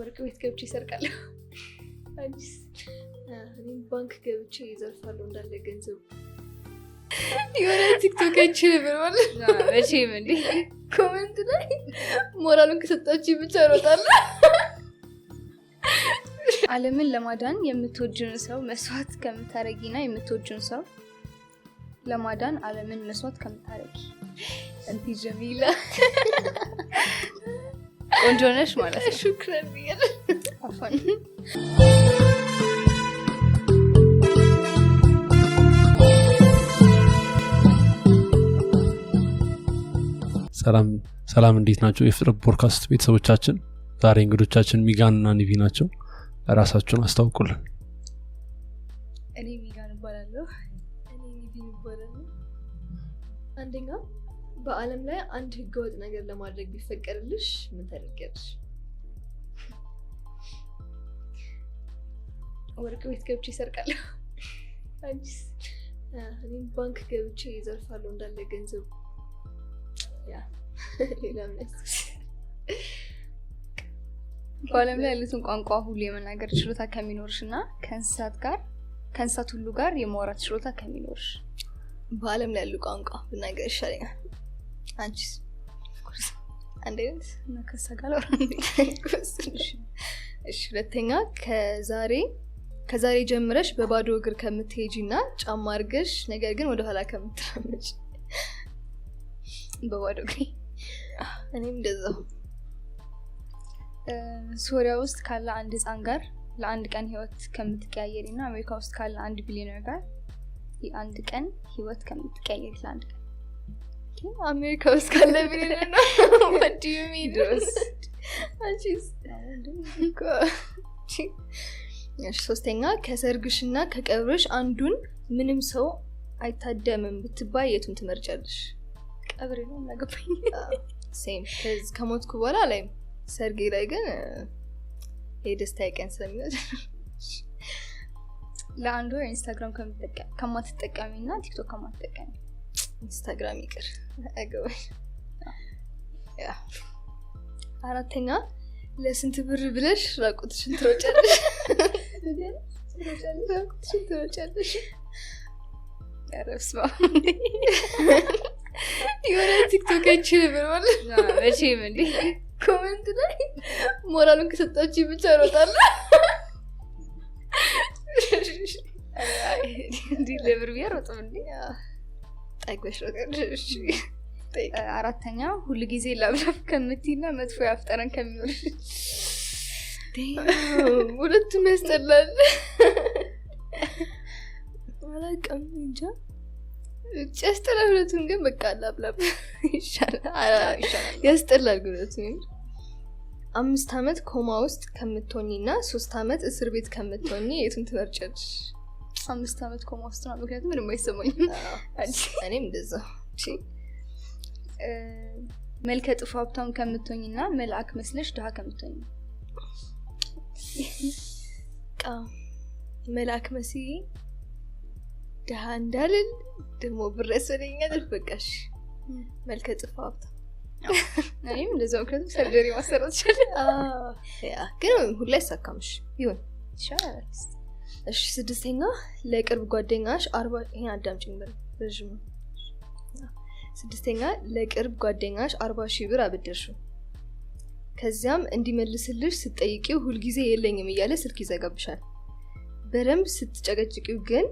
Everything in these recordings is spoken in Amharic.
ወርቅ ቤት ገብቼ ይሰርቃለሁ። አዲስ እኔም ባንክ ገብቼ ይዘርፋለሁ እንዳለ ገንዘቡ የሆነ ቲክቶክ አይችልም ብሏል። መቼም እንዲ ኮመንት ላይ ሞራሉን ከሰጣች ብቻ እሮጣለሁ። ዓለምን ለማዳን የምትወጁን ሰው መስዋዕት ከምታረጊና የምትወጁን ሰው ለማዳን ዓለምን መስዋዕት ከምታረጊ እንቲ ጀሚላ ቆንጆ ነሽ ማለት ነው። ሹክረን ሰላም ሰላም፣ እንዴት ናቸው የፍቅር ፖድካስት ቤተሰቦቻችን? ዛሬ እንግዶቻችን ሚጋን እና ኒቪ ናቸው። ራሳችሁን አስታውቁልን። እኔ ሚጋን እባላለሁ። እኔ ኒቪ እባላለሁ። አንደኛው በዓለም ላይ አንድ ህገወጥ ነገር ለማድረግ ቢፈቀድልሽ ምን ታደርጊያለሽ? ወርቅ ቤት ገብቼ ይሰርቃለሁ። አንቺስ? እኔም ባንክ ገብቼ ይዘርፋለሁ እንዳለ ገንዘቡ። ያ ሌላ በዓለም ላይ ያሉትን ቋንቋ ሁሉ የመናገር ችሎታ ከሚኖርሽ እና ከእንስሳት ጋር ከእንስሳት ሁሉ ጋር የማውራት ችሎታ ከሚኖርሽ በዓለም ላይ ያሉ ቋንቋ ብናገር ይሻለኛል። አንቺስ? እሺ፣ ሁለተኛ ከዛሬ ከዛሬ ጀምረሽ በባዶ እግር ከምትሄጂ እና ጫማ አድርገሽ ነገር ግን ወደኋላ ከምትራመጭ በባዶ እግሬ እኔም እንደዛው ሶሪያ ውስጥ ካለ አንድ ህፃን ጋር ለአንድ ቀን ህይወት ከምትቀያየሪ እና አሜሪካ ውስጥ ካለ አንድ ቢሊዮነር ጋር የአንድ ቀን ህይወት ከምትቀያየሪ ለአንድ ቀን አሜሪካ ውስጥ ካለ ብንልና ሶስተኛ ከሰርግሽና ከቀብርሽ አንዱን ምንም ሰው አይታደምም ብትባይ የቱን ትመርጫለሽ? ቀብሬ ነው የሚያገባኝ። ሴም ከሞትኩ በኋላ አላይም። ሰርጌ ላይ ግን የደስታ ቀን ስለሚወድ ለአንድ ኢንስታግራም ከማትጠቀሚ እና ቲክቶክ ከማትጠቀሚ ኢንስታግራም ይቅር አራተኛ ለስንት ብር ብለሽ ራቁትሽን ትሮጫለሽ ራቁትሽን ትሮጫለሽ። ያረብስማ የሆነ ቲክቶክ አይችል ብሏል። መቼም እንዴ ኮመንት ላይ ሞራሉን ከሰጣች ብቻ ሮጣለ እንዲህ ለብር ብያ ሮጥም እንዴ ጠግበሽ ነገር አራተኛ ሁሉ ጊዜ ላብላብ ከምትይና መጥፎ ያፍጠረን ከሚሆን ሁለቱም ያስጠላል። አላውቅም እንጃ ብቻ ያስጠላል። ሁለቱም ግን በቃ ላብላብ ይሻላል። ያስጠላል ሁለቱም። አምስት አመት ኮማ ውስጥ ከምትሆኚ እና ሶስት አመት እስር ቤት ከምትሆኚ የቱን ትመርጫለሽ? አምስት ዓመት ኮማ ነው። ምክንያቱም ምንም አይሰማኝም። እኔም እንደዛ መልከ ጥፉ ሀብታም ከምትሆኝ እና መልአክ መስለሽ ድሀ ከምትሆኝ መልአክ መስዬ ድሀ እንዳልል ደግሞ ብር ያስፈልገኛል። በቃሽ መልከ ጥፉ ሀብታም እኔም እንደዛ ምክንያቱም ሰርጀሪ ማሰራት ይችላል። ግን ሁላ ይሳካምሽ ይሁን ይሻላል። እሺ፣ ስድስተኛ ለቅርብ ጓደኛሽ አርባ ይሄን አዳምጪኝ በረዥም ነው። ስድስተኛ ለቅርብ ጓደኛሽ አርባ ሺህ ብር አበደርሽው ከዚያም እንዲመልስልሽ ስትጠይቂው ሁልጊዜ የለኝም እያለ ስልክ ይዘጋብሻል። በደንብ ስትጨቀጭቂው ግን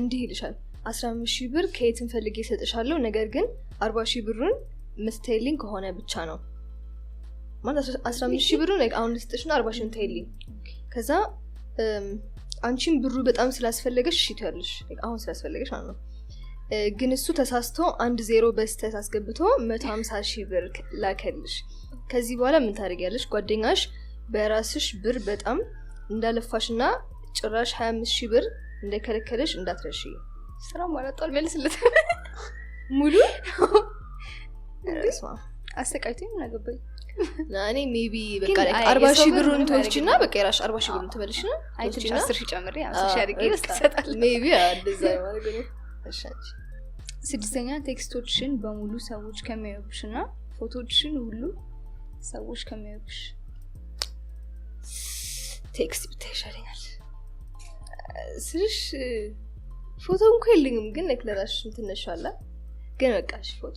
እንዲህ ይልሻል፣ አስራ አምስት ሺህ ብር ከየትን ፈልጌ ይሰጥሻለሁ ነገር ግን አርባ ሺህ ብሩን ምትተይልኝ ከሆነ ብቻ ነው ማለት አስራ አምስት ሺህ ብሩን አሁን ልስጥሽ ነው፣ አርባ ሺህ ምታይልኝ ከዛ አንቺም ብሩ በጣም ስላስፈለገሽ እሺ ትያለሽ፣ አሁን ስላስፈለገሽ ነው ግን እሱ ተሳስቶ አንድ ዜሮ በስተት አስገብቶ መቶ ሀምሳ ሺህ ብር ላከልሽ። ከዚህ በኋላ ምን ታደርጊያለሽ? ጓደኛሽ በራስሽ ብር በጣም እንዳለፋሽ እና ጭራሽ ሀያ አምስት ሺህ ብር እንደከለከለሽ እንዳትረሽ። ስራ ማለጣል መልስለት ሙሉ አሰቃይቶኝ ምን አገባኝ እኔ ሜቢ በቃ ሺህ ብሩን ትወስጂ እና በቃ የራሽ አርባ ሺህ ብሩን ትመልሽ ና አስር ሺህ ጨምሬ ሀምሳ ሺህ አድርጌ ይሰጣል ሜቢ እንደዛ ማለት ነው ስድስተኛ ቴክስቶችን በሙሉ ሰዎች ከሚያዩብሽ እና ሁሉ ሰዎች ከሚያዩብሽ ቴክስት ብታይ ይሻለኛል ስልሽ ፎቶ እንኳ የለኝም ግን ለክለራሽ ትነሻላ ግን በቃሽ ፎቶ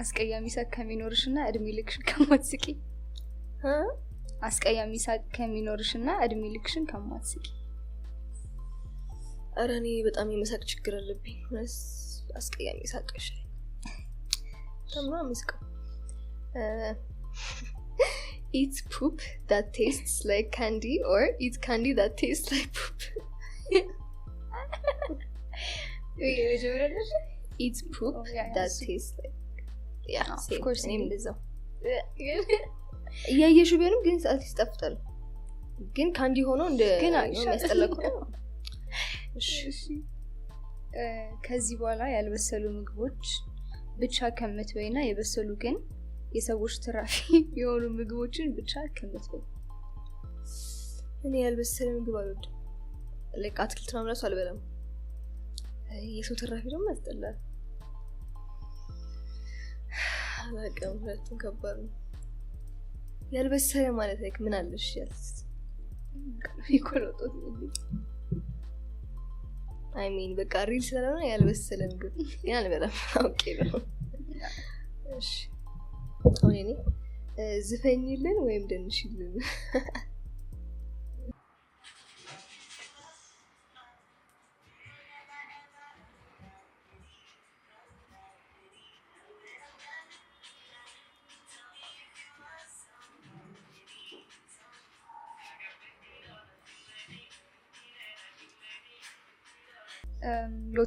አስቀያሚ ሳቅ ከሚኖርሽ እና እድሜ ልክሽን ከማትስቂ አስቀያሚ ሳቅ ከሚኖርሽ እና እድሜ ልክሽን ከማትስቂ። ኧረ እኔ በጣም የመሳቅ ችግር አለብኝ። አስቀያሚ ሳቅ ይሻል ተምሮ ምስቀው ኢት ፑፕ ዳት ቴስትስ ላይክ ካንዲ ኦር ኢት ካንዲ ዳት ቴስትስ ላይክ ፑፕ ኢት ፑፕ ዳት ቴስትስ ላይክ ኦፍኮርስ ah, ቢሆንም ግን ሰዓት ይስጠፍታል ግን ከአንዲ ሆኖ እንደሚያስጠለቁ ከዚህ በኋላ ያልበሰሉ ምግቦች ብቻ ከምትበይና የበሰሉ ግን የሰዎች ትራፊ የሆኑ ምግቦችን ብቻ ከምትበይ እኔ ያልበሰለ ምግብ አልወድም አትክልት ምናምን አልበለም የሰው ትራፊ ደግሞ ያስጠላል በቃ ሁለቱም ከባድ ነው። ያልበሰለ ማለት ላይ ምን አለሽ አይ ሚን በቃ ሪል ስለሆነ ያልበሰለ ምግብ ያን በጣም አውቄ ነው። እሺ አሁን እኔ ዝፈኝልን ወይም ደንሽልን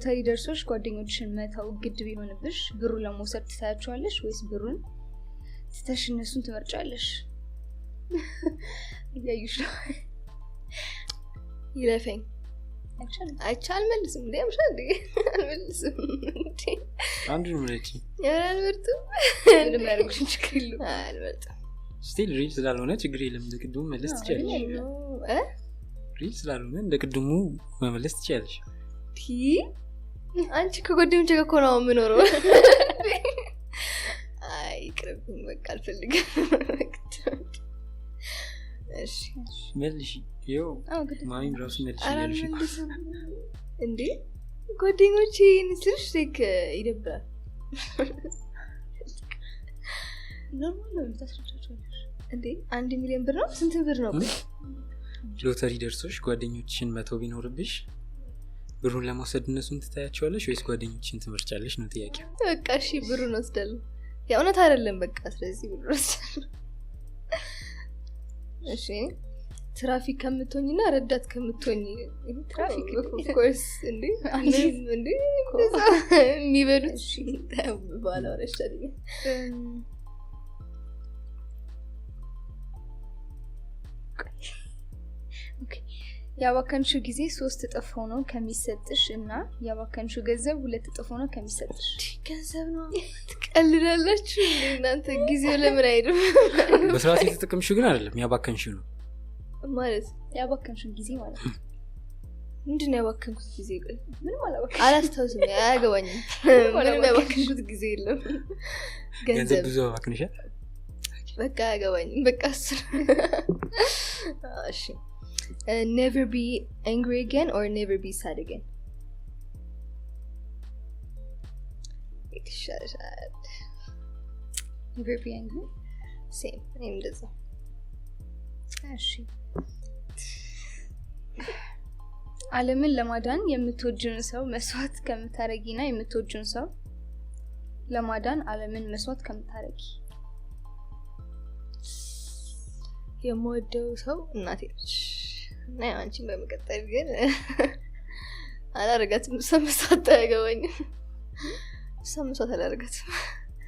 ሎተሪ ደርሶች ጓደኞችሽን መተው ግድ ቢሆንብሽ ብሩ ለመውሰድ ትታያቸዋለሽ ወይስ ብሩን ትተሽ እነሱን ትመርጫለሽ? እያዩሽ ነው። ይለፈኝ አይቼ አልመልስም። እንዴ ምሻ እንዴ አልመልስም። እንዴ አንዱ ምሬቲ አልመርጥም። እንደማያደርጉሽን ችግር የለም አልመርጥም። ስቲል ሪል ስላልሆነ ችግር የለም። እንደ ቅድሙ መለስ ትችያለሽ። ሪል ስላልሆነ እንደ ቅድሙ መመለስ ትችያለሽ። አንቺ ከጓደኞቼ ጋር እኮ ነው የምኖረው። አይ ይቅርብኝ፣ በቃ አልፈልግም። መልሽ ይኸው ማሚም ራሱ መልሽ እንዴ ጓደኞቼ ስልሽ ክ ይደብራል። ኖርማል ነው የምታስረዳቸው እንዴ አንድ ሚሊዮን ብር ነው ስንት ብር ነው ሎተሪ ደርሶሽ ጓደኞችሽን መተው ቢኖርብሽ ብሩን ለመውሰድ እነሱን ትታያቸዋለች ወይስ ጓደኞችን ትመርጫለች ነው ጥያቄ። በቃ እሺ ብሩን ወስደል የእውነት አይደለም በቃ ስለዚህ ብሩን ወስዳለሁ። እሺ ትራፊክ ከምትሆኝ ና ረዳት ከምትሆኝ ትራፊክ ኮርስ እንዴ እንዴ የሚበሉት ባለረሻ Thank ያባከንሹ ጊዜ ሶስት እጥፍ ሆኖ ከሚሰጥሽ እና ያባከንሹ ገንዘብ ሁለት እጥፍ ሆኖ ከሚሰጥሽ ገንዘብ ነው። ትቀልዳላችሁ እናንተ። ጊዜው ለምን አይድም? በስርዓት የተጠቀምሽው ግን አይደለም፣ ያባከንሽው ነው ማለት ያባከንሽን ጊዜ ማለት ነው። ምንድን ያባከንኩት ጊዜ? ምንም አላስታውስም፣ አያገባኝም። ምንም ያባከንኩት ጊዜ የለም። ገንዘብ ብዙ አባክንሻል። በቃ አያገባኝም። በቃ እሱ እሺ uh, never be angry again or never be sad again never be angry same እኔም እንደዛ እሺ አለምን ለማዳን የምትወጁን ሰው መስዋዕት ከምታረጊና የምትወጁን ሰው ለማዳን አለምን መስዋዕት ከምታረጊ የምወደው ሰው እናቴ ነች እና አንቺን በመቀጠል ግን አላረጋትም። እሷን መስዋዕት አያገባኝም። እሷን መስዋዕት አላረጋትም።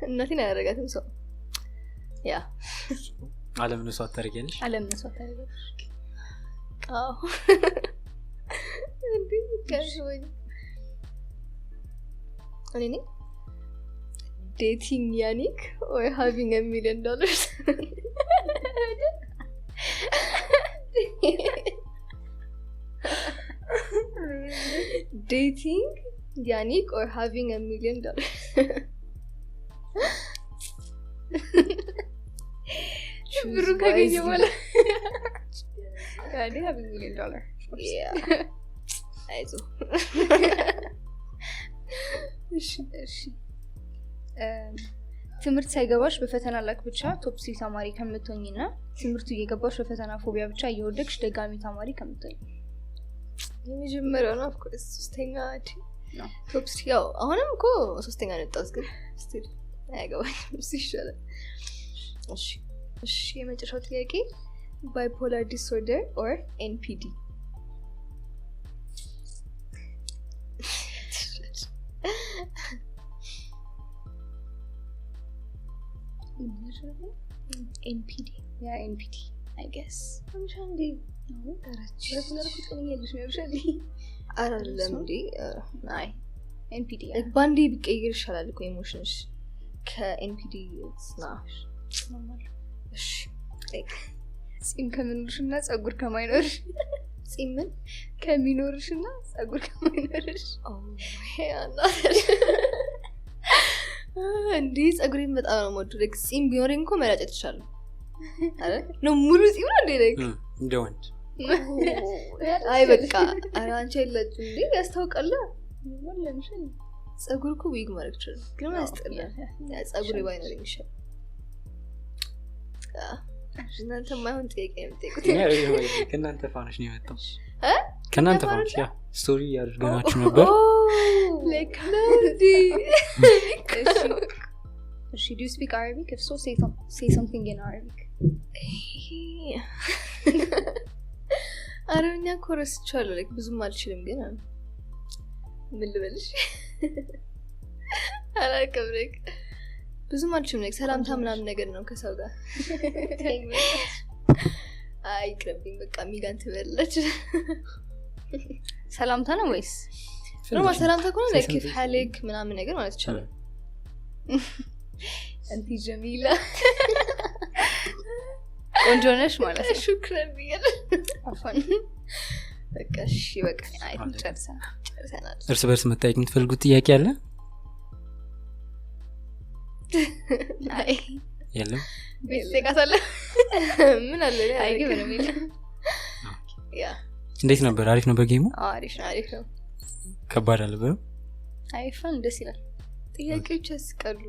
እናቴን አላረጋትም። ሰው ያ አለምን መስዋዕት ታደርጊያለሽ። አለምን መስዋዕት ታደርጊያለሽ። እኔ ዴቲንግ ያኒክ ወይ ሃቪንግ የሚለን ዶላርስ dating Yannick or having a million dollars? ብሩ ካገኘ በኋላ ትምህርት ሳይገባሽ በፈተና ላክ ብቻ ቶፕሲ ተማሪ ከምትሆኝና ትምህርቱ እየገባሽ በፈተና ፎቢያ ብቻ እየወደቅሽ ደጋሚ ተማሪ ከምትሆኝ የመጀመሪያው ነው ኮርስ ሶስተኛ ቶፕስ ያው አሁንም እኮ ሶስተኛ ነጣስ ግን ስቲል አያገባኝም እሱ ይሻላል እሺ እሺ የመጨረሻው ጥያቄ ባይፖላር ዲስኦርደር ኦር ኤንፒዲ ኤንፒዲ ያ ኤንፒዲ አይ ገስ ምሻ እንዴ አይደለም እንዴ? ባንዴ ቢቀይር ይሻላል እኮ ኢሞሽንሽ ከኤንፒዲ ጺም እና ጸጉር ከማይኖርሽ ከሚኖርሽ እና ጸጉር ከማይኖርሽ ጸጉሬን በጣም ነው የምወደው ጺም ቢኖረኝ እኮ መላጨት ይችላለሁ ሙሉ ጺም ነው እንዴ እንደ ወንድ አይ በቃ አንቺ አይላችሁ እንዴ ያስታውቃላ ለምሽን ጸጉር እኮ ዊግ ማድረግ ችል ግን ያስጠላል ጸጉር ባይኖር ይሻል እናንተ ማይሆን ጥያቄ ከእናንተ ፋኖች ነው የመጣው ከእናንተ ፋኖች ያ ስቶሪ አድርገናችሁ ነበር እሺ ዱ ስፒክ አረቢክ እፍ ሶ ሴ ሰምቲንግ ኢን አረቢክ አረብኛ እኮ ረስቻለሁ። ላይክ ብዙም አልችልም፣ ግን ምን ልበልሽ አላውቅም። ላይክ ብዙም አልችልም። ላይክ ሰላምታ ምናምን ነገር ነው ከሰው ጋር አይ ይቅርብኝ፣ በቃ ሚጋን ትበላለች። ሰላምታ ነው ወይስ ኖርማል ሰላምታ ከሆነ ላይክ ኬፍ ምናምን ነገር ማለት ይቻላል። አንቲ ጀሚላ ቆንጆ ነሽ ማለት ነው። ሹክረን ብያለሁ እርስ በርስ መታየት የምትፈልጉት ጥያቄ አለ የለም እንዴት ነበር አሪፍ ነበር ጌሙ ነው ከባድ አልነበረም አይፋን ደስ ይላል ጥያቄዎች ያስቀሉ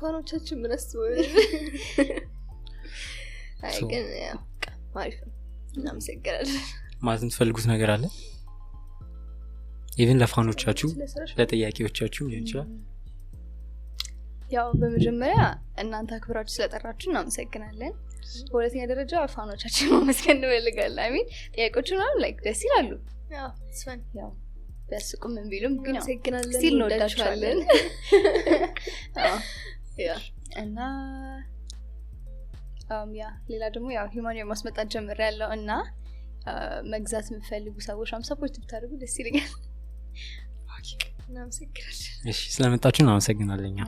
ፋኖቻችን ግን ነው እናመሰግናለን። ማለት የምትፈልጉት ነገር አለ ኢቭን ለፋኖቻችሁ ለጠያቄዎቻችሁ ሊሆን ይችላል። ያው በመጀመሪያ እናንተ አክብራችሁ ስለጠራችሁ እናመሰግናለን። በሁለተኛ ደረጃ ፋኖቻችን ማመስገን እንፈልጋለን። አሚን ጥያቄዎቹ ምናምን ላይ ደስ ይላሉ ቢያስቁም ምን ቢሉም ግን ስቲል እንወዳችኋለን እና ያ ሌላ ደግሞ ያው ሂማን የማስመጣት ጀምር ያለው እና መግዛት የምፈልጉ ሰዎች አምሳፖርት ብታደርጉ ደስ ይለኛል ስለመጣችሁ እናመሰግናለኛ